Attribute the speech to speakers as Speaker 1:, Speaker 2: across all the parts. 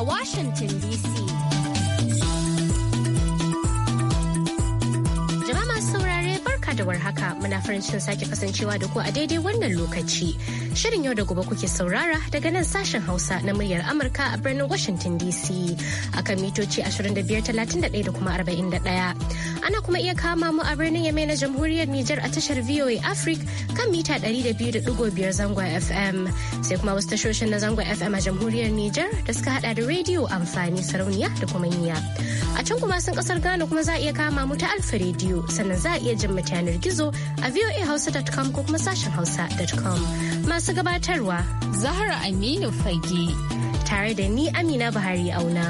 Speaker 1: a Washington DC. Jama'a masu saurare barka da warhaka muna farin cikin sake kasancewa da ku a daidai wannan lokaci. Shirin yau da gobe kuke saurara daga nan sashen Hausa na muryar Amurka a birnin Washington DC akan mitoci 2531 da kuma 41. Ana kuma iya kama mu a birnin Yamai na Jamhuriyar Nijar a tashar VOA Africa kan mita 200.5 zangon FM. Sai kuma wasu tashoshin na zangon FM a Jamhuriyar Nijar da suka hada da rediyo amfani sarauniya da kuma niya. A can kuma sun kasar Ghana kuma za a iya kama mu ta Alfa rediyo sannan za a iya jin yanar gizo a voahausa.com ko kuma sashen hausa.com. masu gabatarwa Zahra Aminu Fage tare da ni Amina Buhari Auna.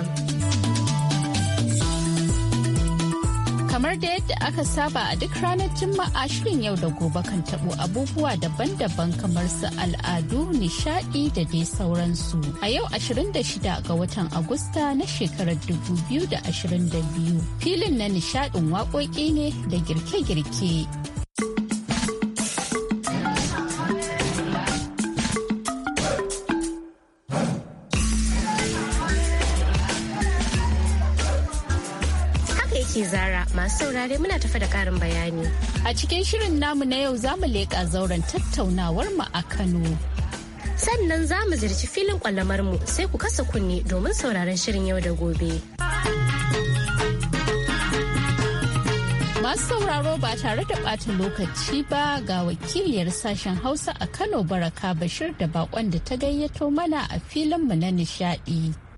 Speaker 1: Kamar da yadda aka saba a duk ranar Juma'a shirin yau da gobe kan tabo abubuwa daban-daban kamar su al'adu, nishadi da dai sauransu. A yau 26 ga watan Agusta na shekarar 2022 filin na nishadin waƙoƙi ne da girke-girke. masu saurare muna tafi da karin bayani. A cikin shirin namu na yau za mu leƙa zauren tattaunawar mu a Kano. Sannan za mu zirci filin ƙwallamar mu sai ku kasa kunne domin sauraron shirin yau da gobe. Masu sauraro ba tare da ɓata lokaci ba ga wakiliyar sashen Hausa a Kano Baraka Bashir da bakon da ta gayyato mana a filinmu na nishaɗi.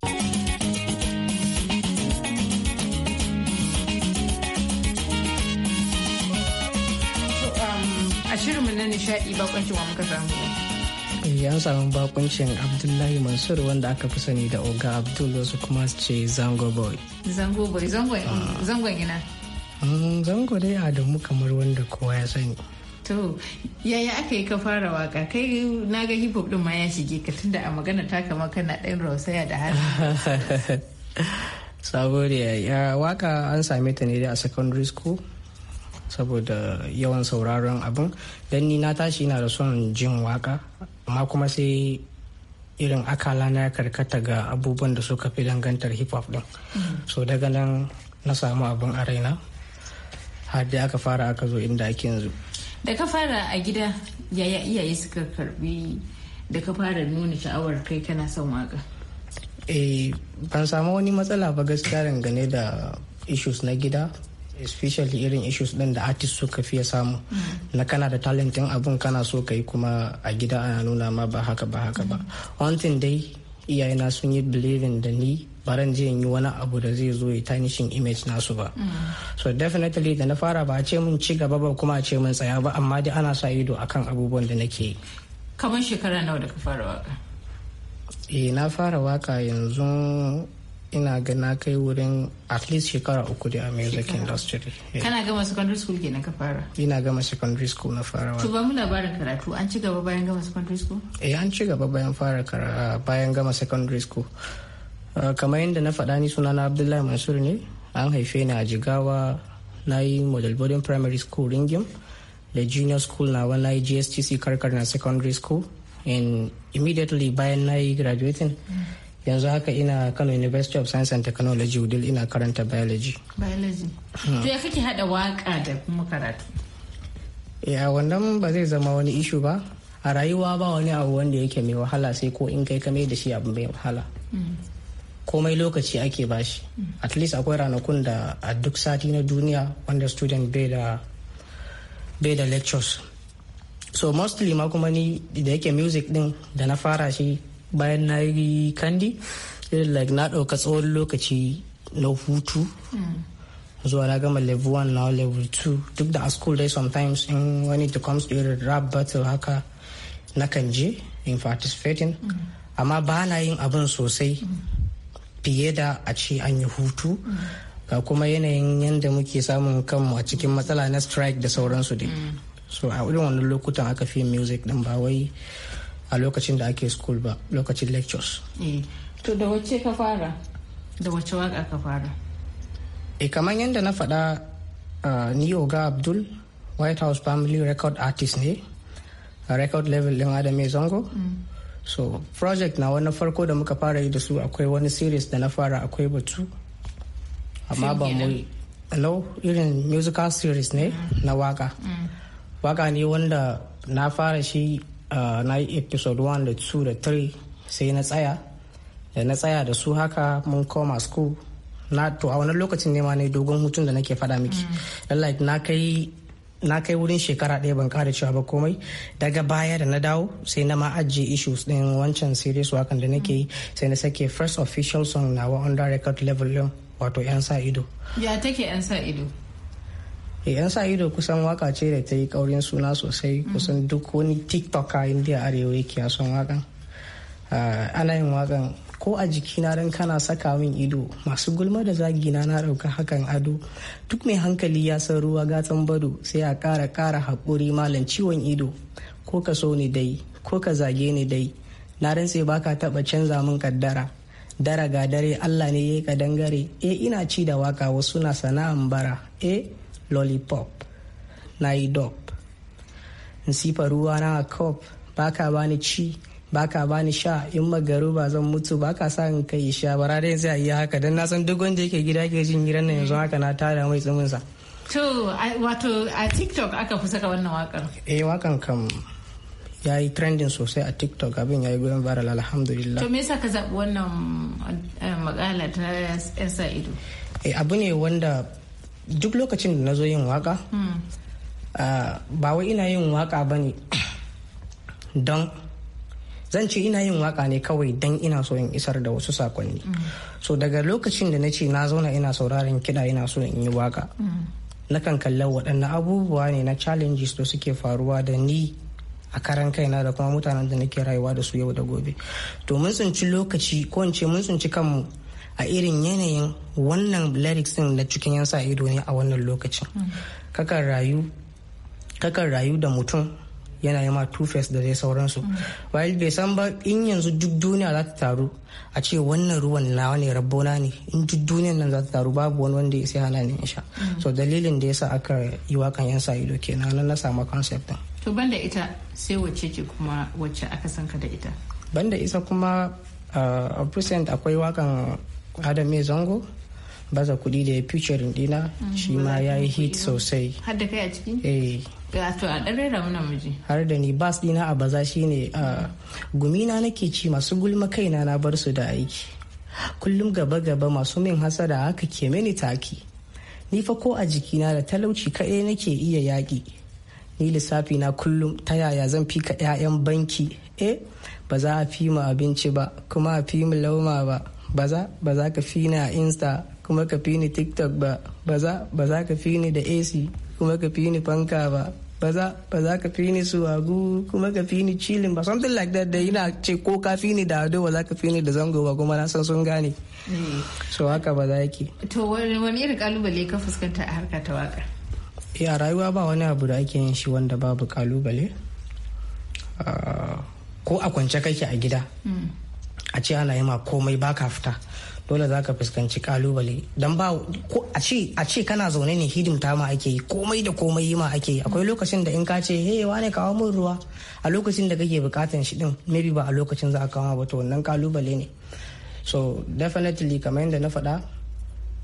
Speaker 2: nishadi bakoncin wa muka samu
Speaker 3: an samu bakuncin abdullahi mansur wanda aka fi sani da oga abdul wasu kuma ce zango boy
Speaker 2: zango boy Zango ah. ina
Speaker 3: mm, zango dai adamu kamar wanda kowa ya sani
Speaker 2: to yaya aka yi ka fara waka kai na ga hip hop din ma ya shige ka tunda a magana ta kama kana ɗan rausaya da
Speaker 3: har saboda ya waka an same ta ne a secondary school saboda yawan sauraron abin don ni na tashi na da son jin waka amma kuma sai irin akala na karkata ga abubuwan da suka fi dangantar hip hop din
Speaker 4: mm-hmm.
Speaker 3: so daga nan na samu abin a raina har da aka fara aka zo inda ake yanzu
Speaker 2: da ka fara a gida yaya iyaye suka karbi da ka fara nuna sha'awar kai kana son waka
Speaker 3: eh ban samu wani matsala ba gaskiya dangane da issues na gida especially irin issues ɗin da artist suka fiye samu mm. na kana da talentin abun kana so ka yi kuma a gida ana nuna ma ba haka ba haka ba mm. one thing dai iyayena sun yi believing da ni baran je yi wani abu da zai zo ya tanishin image nasu ba mm. so definitely da na fara ba a ce mun ci gaba ba kuma a ce mun tsaya ba amma dai ana sa ido akan abubuwan da nake yi
Speaker 2: kamar shekara nawa da ka fara waka
Speaker 3: eh na fara waka yanzu ina ga na kai wurin at least shekara uku da music industry kana gama secondary school ke na ka fara ina gama secondary school na fara to
Speaker 2: ba mu labarin karatu an ci gaba bayan gama secondary
Speaker 3: school eh an ci gaba bayan fara bayan gama secondary school ah, kamar yadda na faɗa ni sunana abdullahi mansur ne an haife ni a jigawa na yi model boarding primary school ringim da junior school na wani yi gstc karkar na secondary school and immediately bayan na yi graduating mm. yanzu haka ina kano university of science and technology wudil ina karanta biology biology hmm. to ya
Speaker 2: kake hada waka
Speaker 3: da kuma karatu ya wannan ba zai zama wani ishu ba a rayuwa ba wani abu wanda yake mai wahala sai ko in kai kame da shi abu mai wahala hmm. komai lokaci ake bashi hmm. at least akwai ranakun da a duk sati na duniya wanda student bai da bai da lectures so mostly ma kuma ni da yake music din da na fara shi bayan na yi kandi irin like na ɗauka tsawon lokaci na hutu zuwa na gama level 1 na level 2 duk da a school day sometimes in wani to comes a rap battle haka na kan je in participating amma ba na yin abin sosai fiye da a ce an yi hutu ga kuma yanayin yadda muke samun kanmu a cikin matsala na strike da sauransu dai so a wurin wannan lokutan aka fi music din ba wai a lokacin da ake school ba lokacin lectures
Speaker 2: eh, to da wacce ka fara da wacce waka ka fara
Speaker 3: e eh, kamar yadda na faɗa ah, ni oga abdul white house family record artist ne a record level ɗin adame zango mm. so project na wani farko da muka fara yi da su akwai wani series da na fara akwai batu amma ba mu hello irin musical series ne mm. na waka mm. waka ne wanda na fara shi Eh, na yi episode 1 da 2 da 3 sai na tsaya da na tsaya da su haka mun koma school na to a wani lokacin ne ma yi dogon hutun da nake fada miki na kai na kai wurin shekara ɗaya ban kara cewa ba komai daga baya da na dawo sai na ma ajiye issues ɗin wancan series wakan da nake yi sai na sake first official song nawa under record level wato yan sa ido
Speaker 2: ya take yan sa ido
Speaker 3: Eh, yan sa ido kusan waka ce da ta yi kaurin suna sosai mm. kusan duk wani tiktok indiya arewa yake son wakan ah, ana yin wakan ko a jikina don kana saka min ido masu gulma da zagi na na ɗauka hakan ado duk mai hankali ya san ruwa gatan bado sai a ƙara kara haƙuri malam ciwon ido ko ka so ni dai ko ka zage ni dai na rantse baka taɓa canza min kaddara dara ga dare allah ne ya yi ka dangare e eh, ina ci da waka wasu na sana'an bara e lollipop na yi dop in sifa ruwa na a cup baka bani ci baka bani sha in magaru ba zan mutu baka sa in kai sha ba dai sai a haka dan na san duk wanda yake gida ke jin giran nan yanzu haka na tada mai tsumin sa to
Speaker 2: wato a tiktok aka fi saka wannan wakar
Speaker 3: eh wakan kam ya yi trending sosai a tiktok abin ya yi goyon viral alhamdulillah to
Speaker 2: me yasa ka zaɓi wannan eh, makala ta yan
Speaker 3: ido eh abu ne wanda duk lokacin da na zo yin waka hmm. ba wai ina yin waka ba ne don zan ce ina yin waka ne kawai don ina so in isar da wasu sakonni hmm. so daga lokacin da na ce na zauna ina sauraron kiɗa ina so in yi waka hmm. nakan kalla waɗannan abubuwa ne na challenges da suke faruwa da ni a karan kaina da kuma mutanen da nake rayuwa da su yau da gobe to mun tsinci lokaci ko in ce mun tsinci kanmu a irin yanayin wannan lyricsin na cikin yan ido ne a wannan lokacin kakan rayu kakan rayu da mutum yana yi ma two face da dai sauransu while bai san ba in yanzu duk duniya za ta taru a ce wannan ruwan nawa ne rabona ne in duk duniyan nan za ta taru babu wani wanda ya sai hana ni in sha so dalilin da yasa aka yi wakan yan sa ido kenan nan na samu concept din
Speaker 2: to banda ita sai wacce ce kuma wacce
Speaker 3: aka san ka da ita banda isa kuma uh, a present akwai wakan adam mai zango baza kuɗi da ya fice dina mm, shi ma ya yi hit sosai
Speaker 2: har da kai a ciki eh. to a ɗan rera muna miji
Speaker 3: har da ni bas dina a baza shi ne. gumina nake ci masu gulma kaina na bar su da aiki kullum gaba gaba masu min hasara haka ke mini taki ni fa ko a jikina da talauci kaɗai nake iya yaƙi ni lissafi na kullum ta yaya zan fi ka 'ya'yan banki eh ba za a fi mu abinci ba kuma a fi mu lauma ba ba za ka fi ni a insta kuma ka fi ni tiktok ba ba za ka fi ni da ac kuma ka fi ni fanka ba ba za ka fi ni suwagu kuma ka fi ni chilling ba something like that da yana ce ko ka fi ni da ado ba za ka fi ni da zango ba kuma na san sun gane mm. so haka ba za yake
Speaker 2: to wani irin kalubale ka fuskanta a harka ta waka
Speaker 3: ya eh, rayuwa ba wani abu da ake yin shi wanda babu kalubale ah, ko a kwance kake a gida mm. a ce ana yi ma komai baka fita dole za ka fuskanci kalubale don ba a ce kana zaune ne hidimta ma ake yi komai da komai yi ma ake yi akwai lokacin da in ka ce hey wane kawo min ruwa a lokacin da kake bukatan shi din maybe ba a lokacin za a kawo ba to wannan kalubale ne so definitely kamar yadda na faɗa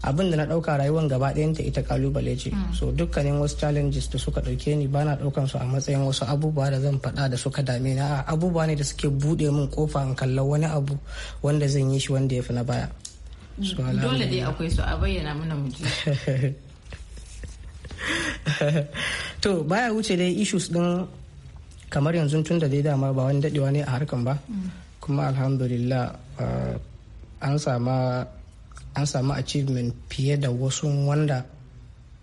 Speaker 3: abin da na ɗauka rayuwar gaba ɗayanta ita kalubale ce hmm. so dukkanin wasu challenges da suka ɗauke ni bana ɗaukan su a matsayin wasu abubuwa da zan faɗa da suka dame na abubuwa ne da suke buɗe min kofa in kalla wani abu wanda zan yi shi wanda ya fi na baya hmm. dole dai
Speaker 2: akwai su a bayyana mana muji
Speaker 3: to baya wuce dai issues din kamar yanzu tun da dai dama ba wani dadewa ne a harkan ba hmm. kuma alhamdulillah ah, an sama an samu achievement fiye da wasu wanda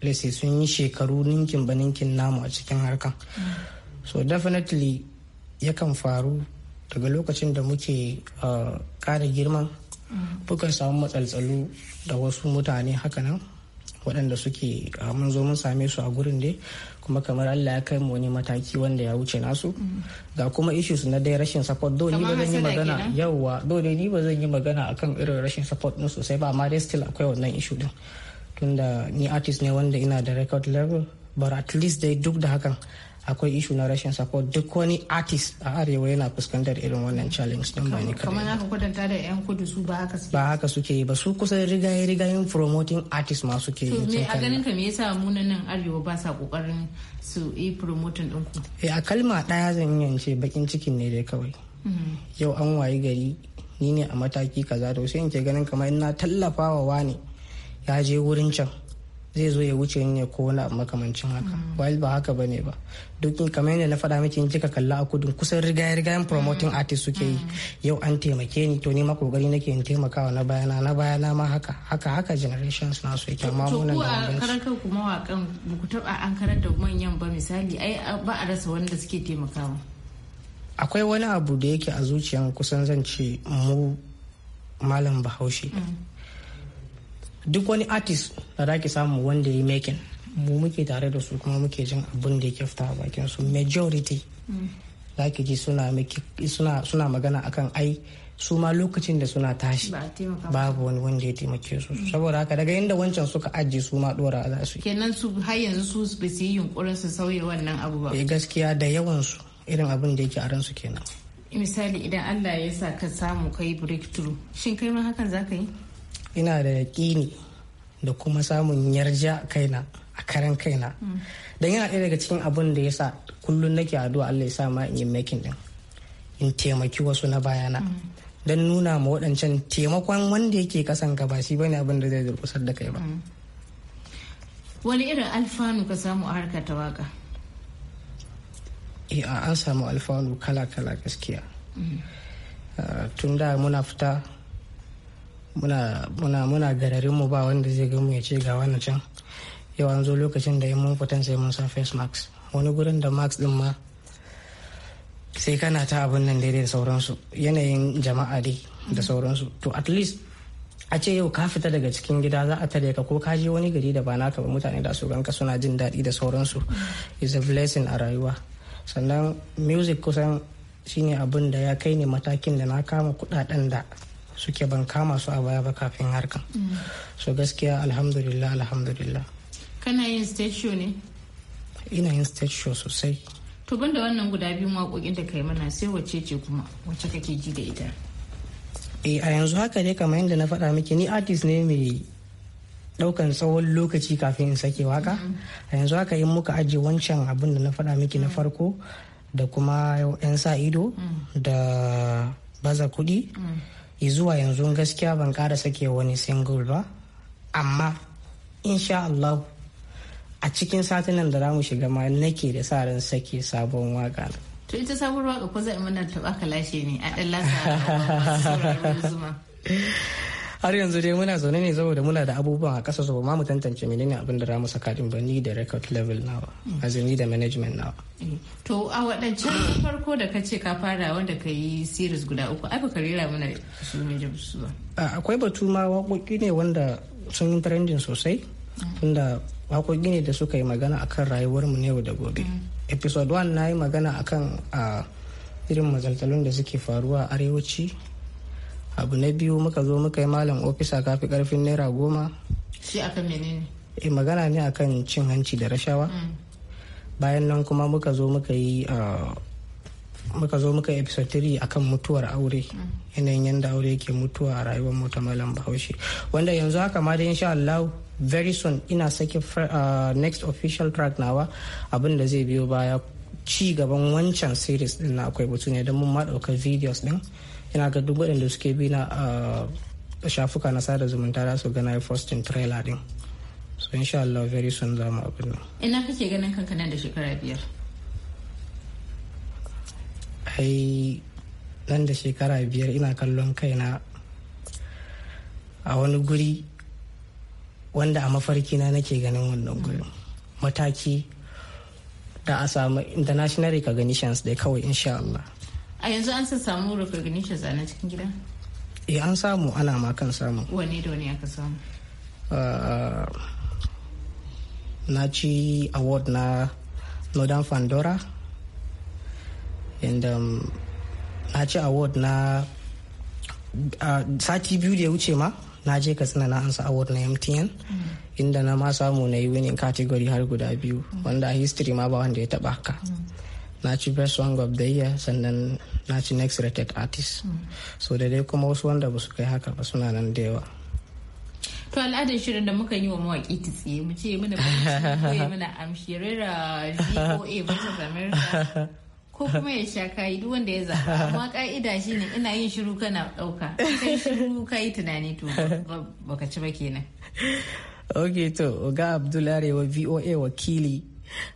Speaker 3: lese sun yi shekaru ninkin ba ninkin namu a cikin harkan so definitely yakan faru daga lokacin da muke uh, ƙara girman bukan samu matsaltsalu da wasu mutane hakanan waɗanda suke uh, mun zo mun same su a gurin dai kuma kamar Allah ya kai mu wani mataki wanda ya wuce nasu ga kuma issues na dai rashin support dole ne ba zan yi magana yawa dole ni ba zan yi magana akan irin rashin support din sosai ba amma dai still akwai wannan issue din tunda ni artist ne wanda ina da record level but at least dai duk da hakan akwai ishu na rashin support duk wani artist a arewa yana fuskantar irin wannan challenge din ba kamar
Speaker 2: haka kwatanta da yan kudu su ba haka
Speaker 3: suke ba haka suke yi ba su kusan rigaye rigayen promoting artist ma suke yi to me a ganin
Speaker 2: ka me yasa mu nan arewa ba sa kokarin su yi promoting din ku
Speaker 3: eh a kalma daya zan iya ce bakin cikin ne dai kawai mhm. yau an wayi gari ni ne a mataki kaza to sai in ke ganin kamar ina tallafawa wani ya je wurin can zai zo ya wuce ne ko wani makamancin haka mm. while ba haka bane ba duk kamar yadda na faɗa miki in kika kalla a kudin kusan riga riga promoting mm. artist suke yi mm. yau an taimake ni to ni ma kokari nake in taimakawa na bayana na bayana ma haka haka haka generations na so yake amma mun da bambanci to karan
Speaker 2: kanku mawakan ku taba an karanta da manyan ba misali ai ba a rasa wanda suke taimakawa
Speaker 3: akwai wani abu da yake a zuciyan kusan zan ce mu malam bahaushe duk wani artist da za ki samu wanda ya yi making mu muke tare da su kuma muke jin abin da ke fita a bakin su majority za ki ji suna magana akan ai su ma lokacin da suna tashi babu wani wanda ya taimake su saboda haka daga inda wancan suka ajiye su ma dora za su
Speaker 2: kenan su har yanzu su ba su yi yunkurin su sauya wannan abu ba eh,
Speaker 3: gaskiya da yawan su irin abin da yake a ransu kenan
Speaker 2: misali idan Allah ya sa ka samu kai breakthrough shin kai ma hakan za ka yi
Speaker 3: ina da yaƙini da kuma samun yarja kaina a karan kaina don yana ɗaya daga cikin abin da ya sa kullum nake addu'a Allah ya sa ma in yi makin din in taimaki wasu na bayana don nuna ma waɗancan taimakon wanda yake kasan ka ba shi ne abin da zai durkusar da kai ba
Speaker 2: wani irin alfanu ka samu a harkar ta
Speaker 3: eh, a an samu alfanu kala-kala gaskiya
Speaker 4: eh,
Speaker 3: tun da muna fita muna muna gararin mu ba wanda zai gamu ya ce ga wani can yau an zo lokacin da mun fitan sai mun san face mask wani gurin da mask din ma sai kana ta abin nan daidai da sauransu yanayin jama'a dai da sauransu to at least a ce yau ka fita daga cikin gida za a tare ka ko ka je wani gari da ba naka ba mutane da su ganka suna jin daɗi da sauransu is a blessing a rayuwa sannan music kusan shine abin da ya kai ni matakin da na kama kudaden da suke ban kama su a baya ba kafin harkan mm. so gaskiya alhamdulillah alhamdulillah
Speaker 2: kana yin stage show ne
Speaker 3: ina yin stage show sosai
Speaker 2: to banda wannan guda biyun waƙoƙin da kai mana sai wacce ce kuma wacce kake ji da ita
Speaker 3: eh a yanzu haka dai kamar yadda na faɗa miki ni artist ne mai daukan tsawon lokaci kafin in sake waka mm. a yanzu haka in muka ajiye wancan abin da na faɗa miki na mm. farko da kuma 'yan sa ido da baza kuɗi zuwa yanzu gaskiya ban kara sake wani single ba amma insha Allah a cikin satinan da zamu shiga ma nake da sa ran sake sabon waka
Speaker 2: to ita sabuwar waka ko zai mana taba kalashe ne a dan lasa zuma
Speaker 3: har yanzu dai muna zaune ne saboda muna da abubuwan a kasa so mu tantance menene abin da ramu saka din ba ni da record level nawa azumi da management nawa
Speaker 2: to a waɗancan farko da ka ce ka fara wanda ka yi series guda uku ai baka rera muna su mai su ba
Speaker 3: akwai batu ma waƙoƙi ne wanda sun yi trending sosai tunda waƙoƙi ne da suka yi magana akan rayuwarmu na yau da gobe episode 1 na yi magana akan irin mazaltalun da suke faruwa a arewaci abu na biyu muka zo muka yi malam ofisa kafi karfin naira goma shi aka menene e magana ne akan cin hanci da rashawa mm. bayan nan kuma muka zo muka yi ah, muka zo muka episode 3 akan mutuwar aure mm. yanayin yadda aure yake mutuwa a rayuwar mu ta malam bahaushe wanda yanzu haka ma da insha Allah very soon ina sake ah, next official track nawa abin da zai biyo baya ci gaban wancan series din na akwai batu ne don mun ma daukar videos din ina ga duk waɗanda suke bi na a shafuka na sada zumunta za su gana fostin trailer din so insha Allah very soon za mu abin nan
Speaker 2: ina kake ganin kanka nan da shekara biyar
Speaker 3: ai nan da shekara biyar ina kallon kaina a wani guri wanda a mafarki na nake ganin wannan guri mm. mataki da a samu international recognitions da kawai insha Allah
Speaker 2: a yanzu an san samu recognition a nan cikin gida
Speaker 3: eh an samu ana ma kan samu
Speaker 2: wani da wani
Speaker 4: aka samu
Speaker 3: ah, na ci award na northern fandora and um, na ci award na ah, sati biyu da ya wuce ma na je ka katsina na ansa award na mtn mm. inda na ma samu na yi winning category har guda biyu mm. wanda a history ma ba wanda ya taba haka mm. na ci best song of the year sannan na ci next rated artist hmm. so da dai kuma wasu wanda ba su kai haka ba suna nan da yawa
Speaker 2: to al'adar shirin da muka yi wa mawaƙi ta tsaye mu ce mana
Speaker 3: bambanci
Speaker 2: muna amshirira voa versus
Speaker 4: america ko kuma ya
Speaker 2: sha kayi duk wanda ya za amma ka'ida shi ne ina yin shiru kana ɗauka kai shiru kayi tunani to baka ci ba kenan
Speaker 3: ok to ga abdul wa voa wakili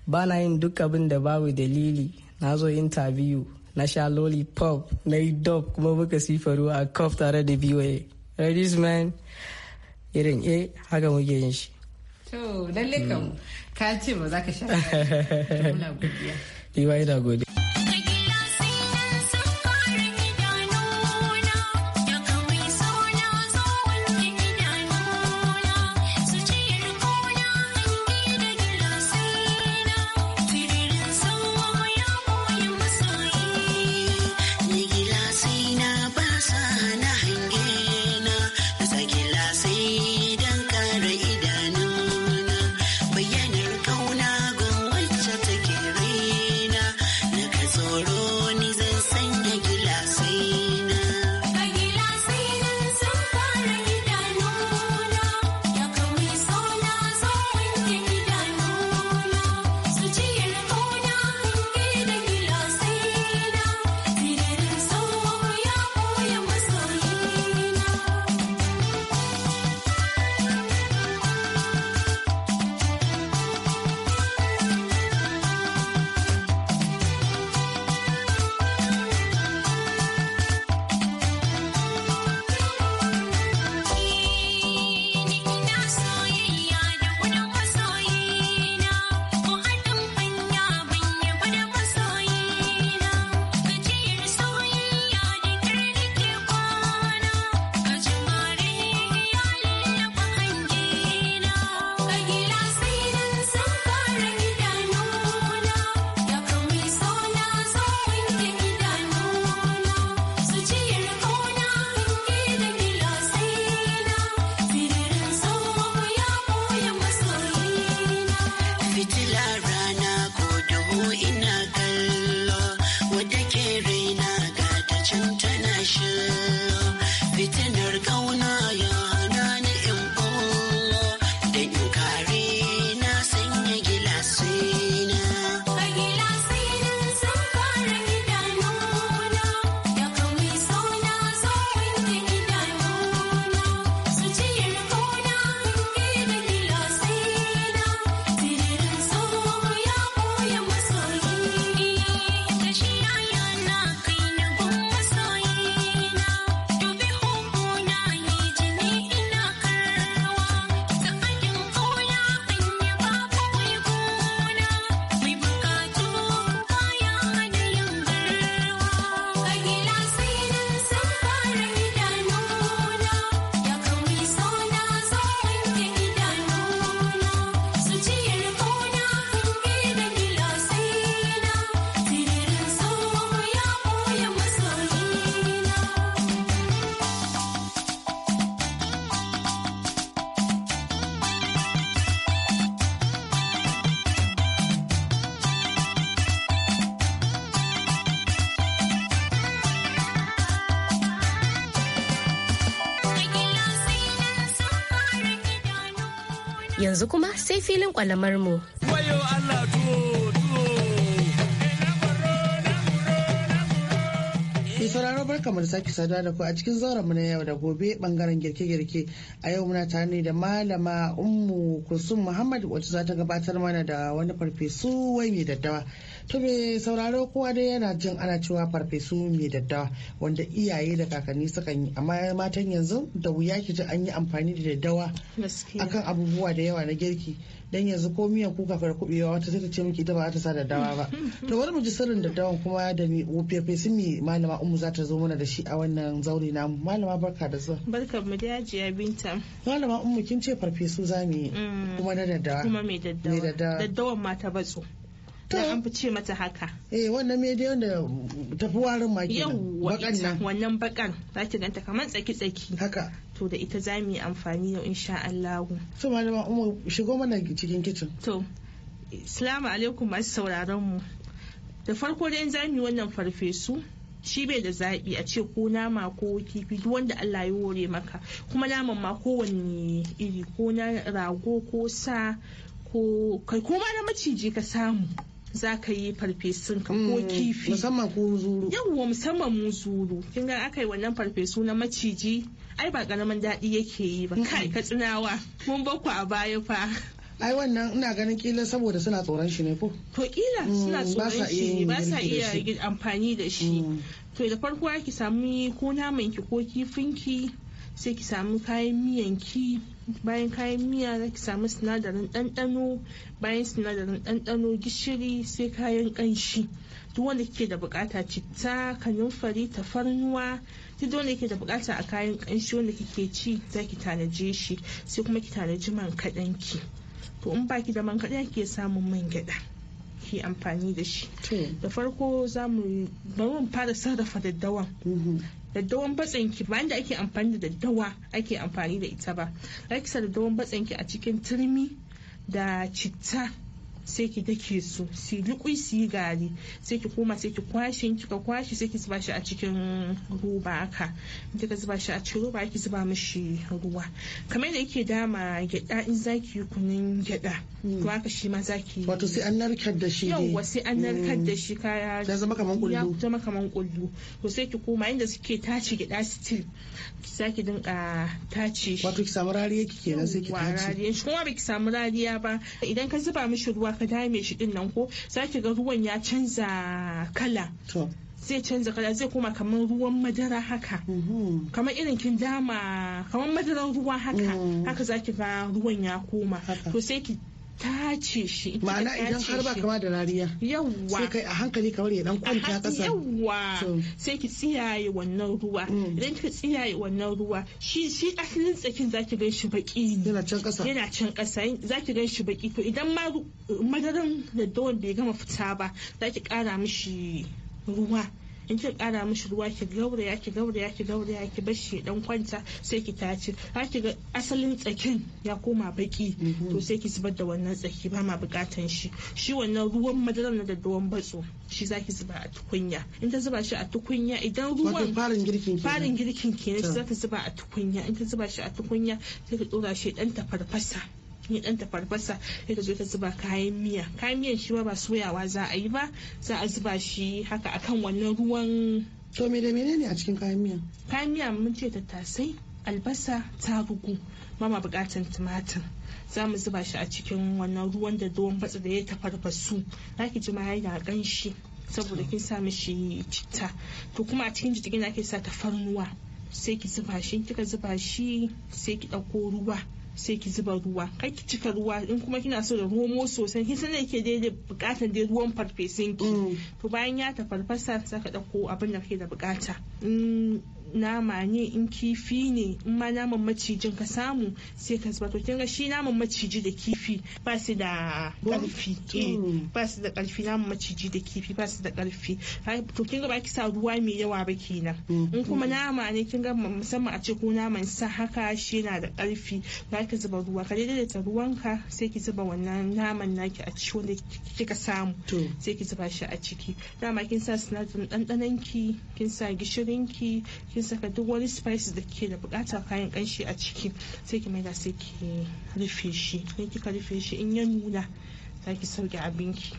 Speaker 3: ba na yin duk abin da babu dalili na zo interview na sha lollipop na yi dub kuma muka sifaru a cup tare da BYA. Ladies man irin eh haka muke yin shi.
Speaker 2: To lalle kam ka ce ba za ka sha.
Speaker 3: ba godiya.
Speaker 1: Yanzu kuma sai filin kwalamar mu.
Speaker 4: Mai
Speaker 5: sauraro barka mu da sake saduwa da ku a cikin zauren mu na yau da gobe bangaren girke-girke a yau muna tare ne da malama ummu kusum muhammad wacce za ta gabatar mana da wani farfesu wai mai daddawa To me sauraro kowa dai yana jin ana cewa farfesu mai daddawa wanda iyaye da kakanni sukan yi amma matan yanzu da wuya ki ji an yi amfani da daddawa akan abubuwa da yawa na girki dan yanzu ko miyan kuka fara kubewa wata sai ta ce miki ita ba za ta sa daddawa ba to wani mu ji sirrin daddawan kuma da mi farfesu mai malama ummu za ta zo mana da shi a wannan zauri namu malama barka da zuwa
Speaker 6: barka mu da jiya binta
Speaker 5: malama ummu kin ce farfesu za mu yi
Speaker 6: mm. kuma
Speaker 5: na daddawa kuma mai
Speaker 6: daddawa daddawan mata batso an fi ce mata haka eh wannan me dai wanda tafi warin ma kenan bakan nan wannan bakan zaki ganta kamar tsaki tsaki haka to da ita za mu yi amfani yau insha Allah so malama umar shigo mana cikin kitchen to assalamu alaikum masu sauraron mu da farko dai za mu yi wannan farfesu shi bai da zaɓi a ce ko nama ko kifi duk wanda Allah ya wore maka kuma naman ma kowanne iri ko na rago ko sa ko kai ko ma na maciji ka samu za ka yi farfesun ka ko mm, kifi musamman ko zuru yawwa musamman mu zuru kin ga aka yi wannan farfesu na maciji ai ba karamin daɗi yake yi ba kai ka tsinawa mun ku a baya fa ai wannan ina ganin kila saboda suna tsoron shi ne ko to kila mm, suna tsoron shi ne ba sa iya amfani da shi mm. to da farko ki samu ko naman ki ko kifin ki sai ki samu kayan miyan ki bayan kayan miya za ki samu sinadarin ɗanɗano bayan sinadarin ɗanɗano gishiri sai kayan ƙanshi duk wanda ke da bukata citta kanumfari tafarnuwa duk wanda ke da bukata a kayan ƙanshi wanda kike ci za ki tanaje shi sai kuma ki tanaji man kaɗan ki to in baki da man kaɗan ke samun man gyaɗa ki amfani da shi da farko za mu bari mu fara sarrafa daddawan mm-hmm. daddawan batsen ki ba da ake amfani da daddawa ake amfani da ita ba za daddawan batsen ki a cikin turmi da citta sai ki dake su su liƙui su yi gari sai ki koma sai ki kwashe in kika kwashe sai ki zuba shi a cikin roba haka in kika zuba shi a cikin roba ki zuba mishi ruwa kamar da yake dama gyada in zaki yi kunun gyada to haka shi ma zaki wato sai an narkar da shi yawwa sai an narkar hmm. da shi kaya ya zama kaman kullu ya zama kaman kullu to sai ki koma inda suke tace gyada still ki dinka tace shi wato ki samu rariya kike kenan sai ki tace rariya shi kuma ba ki samu rariya ba idan ka zuba mishi ruwa aka dame shi din nan ko zaki ga ruwan ya canza kala zai canza kala zai koma kamar ruwan madara haka mm-hmm. kamar irin kin dama kamar madarar ruwa haka mm. haka zaki ga ruwan ya koma to sai ki tace shi ma'ana idan har ba kama da rariya yawwa sai kai a hankali kamar ya dan kwanta kasa yawwa sai ki tsiyaye wannan ruwa mm. idan ki tsiyaye wannan ruwa shi shi asalin tsakin zaki gan shi baki yana can kasa yana can kasa zaki gan shi baki to idan ma madaran da bai gama fita ba zaki kara mishi ruwa in ki kara mishi ruwa ki gauraya ki gauraya ki gauraya ki bar shi dan kwanta sai ki tace za ki ga asalin tsakin ya koma baki to mhm. sai ki zubar da wannan tsaki ba ma bukatan shi shi wannan ruwan madarar na daddawan batso shi zaki zuba a tukunya in ta zuba shi a tukunya idan ruwan farin girkin kenan farin girkin kenan shi za zuba a tukunya in ta zuba shi a tukunya sai ki dora shi dan tafarfasa cikin dan tafarfasa sai ta zo ta zuba kayan miya kayan miyan shi ba soyawa za a yi ba za a zuba shi haka akan wannan ruwan to me da menene a cikin kayan miya kayan miya mun ce tattasai albasa tarugu mama bukatan tumatir za mu zuba shi a cikin wannan ruwan da ruwan batsa da ya tafarfasu ki ji ma yana kanshi saboda kin sa mishi citta to kuma a cikin jijigin ake sa tafarnuwa sai ki zuba shi kika zuba shi sai ki ɗauko ruwa sai ki zuba ruwa kai ki cika ruwa in kuma kina so da homo sosai kin san yake daidai bukatar dai ruwan farfesunki mm. to bayan ya tafarfasa sai ka dauko abin da kake da bukata mm. nama ne in kifi ne in ma naman macijin ka samu sai ka zuba to kinga shi naman maciji da kifi ba su da karfi eh, hmm. ba su da karfi naman maciji da kifi ba su da karfi to kinga ba ki sa ruwa mai yawa ba kenan hmm. in kuma nama ne kinga musamman a ce ko naman sa haka shi yana da karfi ba ki zuba ruwa ka daidaita ruwanka sai ki zuba wannan naman naki a ciki wanda kika samu sai ki zuba shi a ciki dama kin sa sinadarin ɗanɗanonki kin sa gishirinki kin kin saka duk wani spices da kike da bukata kayan kanshi a ciki sai ki maida sai ki rufe shi in kika rufe shi in ya nuna za ki sauke abinki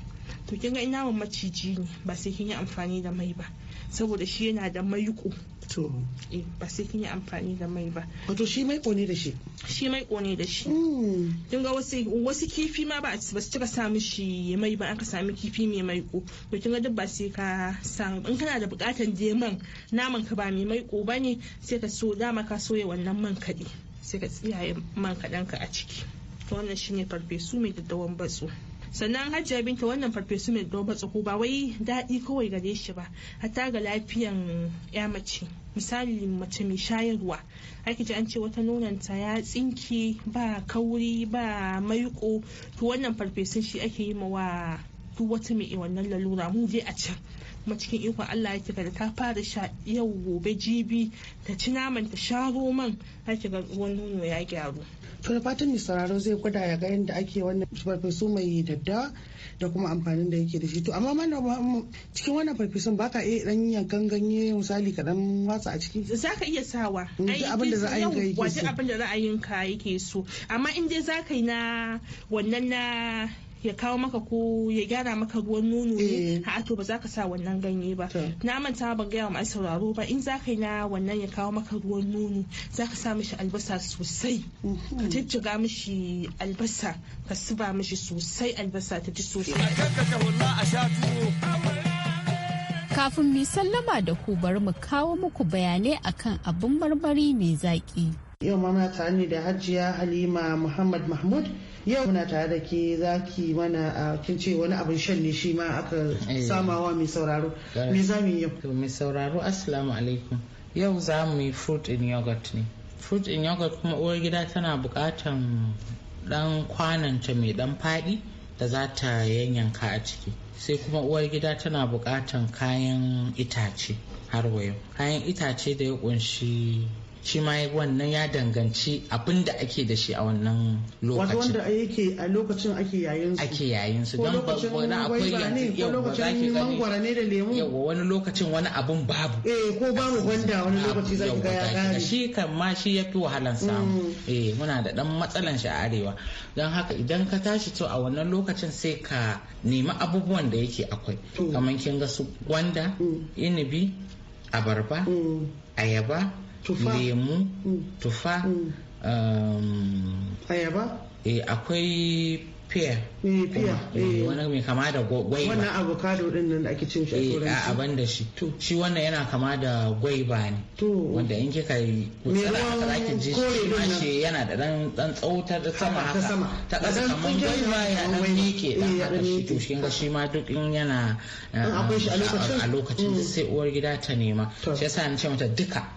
Speaker 6: to kin ga ina maciji ne ba sai kin yi amfani da mai ba saboda shi yana da maiko to eh, ba sai kin yi amfani da mai ba wato shi mai ne da shi shi mai ne da shi hmm. kin ga wasu wasu kifi ma ba ba su cika samu mishi mai ba an ka sami kifi mai maiko to kin ga duk ba sai ka san in kana da bukatan man naman ka ba mai ba ne sai ka so dama ka soya wannan man kaɗi sai ka tsiyaye man kadan ka a ciki wannan shine farfesu mai daddawan batsu sannan hajjiya binta wannan farfesu mai doba tsoho ba wai daɗi kawai gare shi ba hatta ga lafiyan ya mace misali mace mai shayarwa ake ji an ce wata nonanta ya tsinki ba kauri ba maiko to wannan farfesun shi ake yi wa duk wata mai wannan lalura mu je a can kuma cikin ikon Allah ya kiga da ta fara sha yau gobe jibi ta ci naman ta sha roman ake ga ruwan nono ya gyaru to fatan mai sauraro
Speaker 5: zai gwada ya ga yadda ake wannan farfesu mai dadda da kuma amfanin da yake da shi to amma mana cikin wannan farfesun ba ka iya dan yankan ganye misali
Speaker 6: kaɗan watsa a ciki ka iya sawa mm, abin da ra'ayin ka yake so abin da ra'ayin ka yake so amma in dai ka yi na wannan na ya kawo maka ko ya gyara maka ruwan nono ne eh. a to ba za ka sa wannan ganye ba na manta ban gaya wa sauraro ba in za ka yi na wannan ya kawo maka ruwan nono za ka sa mishi albasa sosai ka jijjiga mishi albasa ka suba mishi sosai albasa ta ji sosai
Speaker 1: kafin mu sallama da ku bari mu kawo muku bayanai akan abin marmari mai zaki.
Speaker 5: yau mama ta ne da hajiya halima muhammad mahmud yau muna tare da ke za ki mana a kin ce wani abin
Speaker 7: shan ne shi ma aka eh. samawa mai sauraro me za mu yi yau mai sauraro assalamu alaikum yau za mu yi fruit in yogurt ne fruit in yogurt kuma uwar gida tana bukatan dan kwananta mai dan fadi da za ta yanyanka a ciki sai kuma uwar gida tana bukatan kayan itace har wayo kayan itace da ya kunshi shi ma wannan ya danganci abin da ake da shi a wannan lokacin wanda yake a lokacin ake yayin su ake yayin su don ba wani akwai yanzu yau ba za ki gani yau wani lokacin wani abin babu eh ko babu gwanda wani lokaci za ki ga ya kare shi kan ma shi ya fi wahalan samu mm. eh muna da dan matsalan shi a arewa don haka idan ka tashi to a wannan lokacin sai ka nemi abubuwan da yake akwai mm. kamar kin ga su gwanda mm. inibi abarba ayaba lemu mm. tufa mm. Um, ayaba eh, akwai pear eh, eh. wani mai kama da ba wannan avocado din nan da ake cin shi a turanci abin da shi to shi wannan yana kama da gwaiba ne To wanda in kika yi kusa da zaki ji shi ma shi yana da dan dan tsautar da sama haka ta kasa gwai gwaiba ya dan ke da haka shi to shi ga shi ma duk in yana akwai shi a lokacin um, A lokacin mm. sai uwar gida ta nema shi yasa ni ce mata duka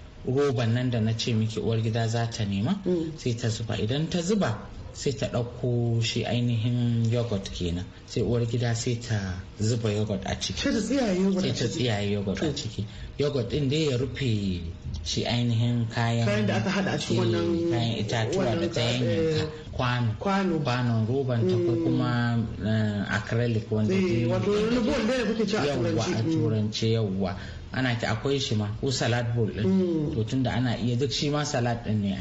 Speaker 7: roban nan da na ce miki uwar gida za ta nema mm. sai ta zuba idan ta zuba sai ta ɗauko shi ainihin yogurt kenan sai uwar gida sai ta zuba yogurt a ciki sai ta tsiyaye yogurt a ciki yogurt din dai ya rufe shi ainihin kayan da aka hada a wannan kayan itatuwa da ta yanyanka eh, kwano kwanon roban ta ko mm. kuma eh, acrylic wanda eh, wato wani a mm. turance yawwa ana ki akwai shi ma ko salad bowl din mm. to tunda ana iya duk shi ma salad din ne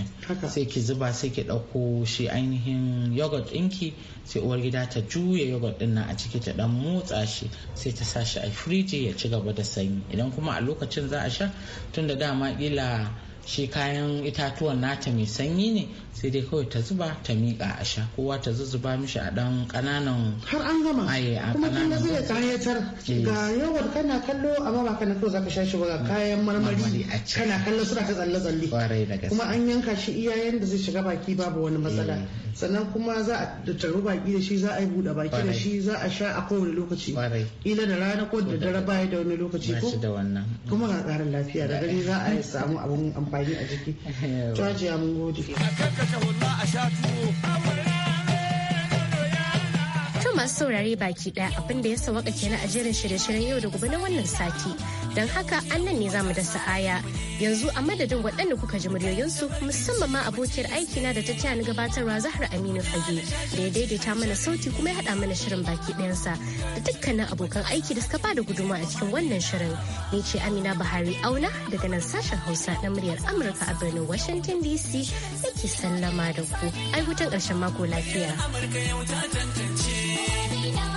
Speaker 7: sai ki zuba sai ki dauko shi ainihin yogurt ɗinki sai uwar gida ta juya yogurt din nan a ciki ta dan motsa shi sai ta sa shi a firiji ya ci gaba da sanyi idan kuma a lokacin za a sha tunda dama kila shi kayan itatuwan nata mai sanyi ne sai dai kawai ta zuba ta miƙa a sha kowa ta zuzzuba mishi a ɗan ƙananan har an gama aye a kuma kuma zai kayatar ga
Speaker 5: yawar kana kallo amma ba kana kawai zaka sha shi ba kayan marmari kana kallo suna ta tsalle
Speaker 7: tsalle kuma
Speaker 5: an yanka shi iyayen da zai shiga baki babu wani matsala eh, sannan kuma za a taru baki da shi za a yi buɗe baki da shi za a sha a kowane lokaci ila da rana ko da dare baya da wani lokaci ko kuma ga ƙarin lafiya da gani za a samu abun amfani a jiki.
Speaker 7: Jajiya mun gode. kashe hulla a sha tuwo.
Speaker 1: masu saurare baki daya abinda da ya sawaka kenan a jerin shirye-shiryen yau da gobe na wannan sati. Don haka an nan ne za mu dasa aya yanzu a madadin waɗanda kuka ji muryoyinsu musamman ma abokiyar aikina da ta taya ni gabatarwa Zahra Aminu Fage da ya daidaita mana sauti kuma ya haɗa mana shirin baki ɗayansa da dukkanin abokan aiki da suka ba da guduma a cikin wannan shirin. Ni ce Amina Bahari Auna daga nan sashen Hausa na muryar Amurka a birnin Washington DC yake sallama da ku. Ai hutun ƙarshen mako lafiya.
Speaker 4: Amurka yau ta tantance Baby, no.